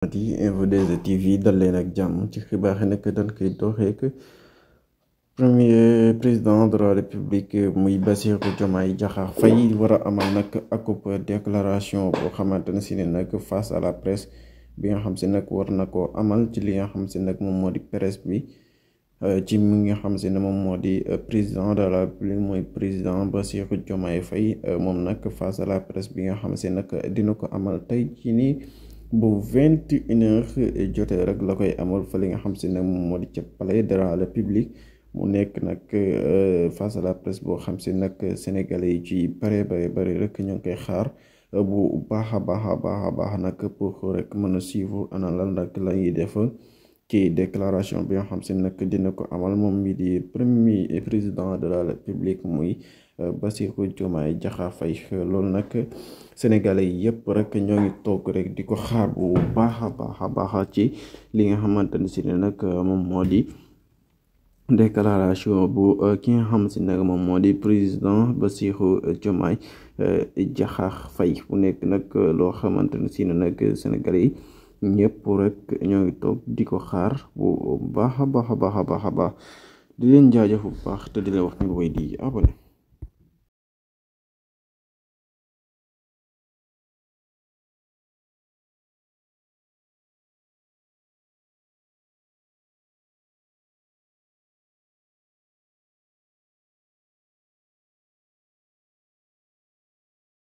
di yi Info TV dal leen ak jam ci xibaar yi nekk dañ premier président de la république muy bassir Diomaye Diakhar Faye war a amal nak akop déclaration bo xamantene ne nak face à la presse bi nga xam si nag war na amal ci li nga xam si nag moom moo presse bi ci mi nga xam si mom modi président de la république mooy président Bassirou jomay Faye mom nak face à la presse bi nga xam si nag amal tay ci ni bu vingt et une jotee rek la koy amal fa li nga xam si ne moom moo di ca palais de la République mu nekk nag euh, face à la presse boo xam si nag sénégalais yi ci bare bare bare rek ñoo ngi koy xaar bu baax a baax a baax baax nag pour rek mën na suivre ana lan nag lañuy ñuy def. ci déclaration bi nga xam si nag dina ko amal moom mi di premier président de la république muy euh, Bassirou Diomaye Diakhar fay loolu nag sénégalais yëpp rek ñoo toog rek di ko xaar bu baax ci li nga xamante ne si ne nag euh, moom moo di déclaration bu euh, ki nga xam si nag moom moo di président Bassirou Diomaye Diakhar Faye bu nekk nag loo xamante ne si ne nag sénégalais yi. ñëpp rek ñoo ngi toog di ko xaar bu baax a baax a baax a baax a baax di leen jaajëf bu baax te di leen wax ñu way di abonné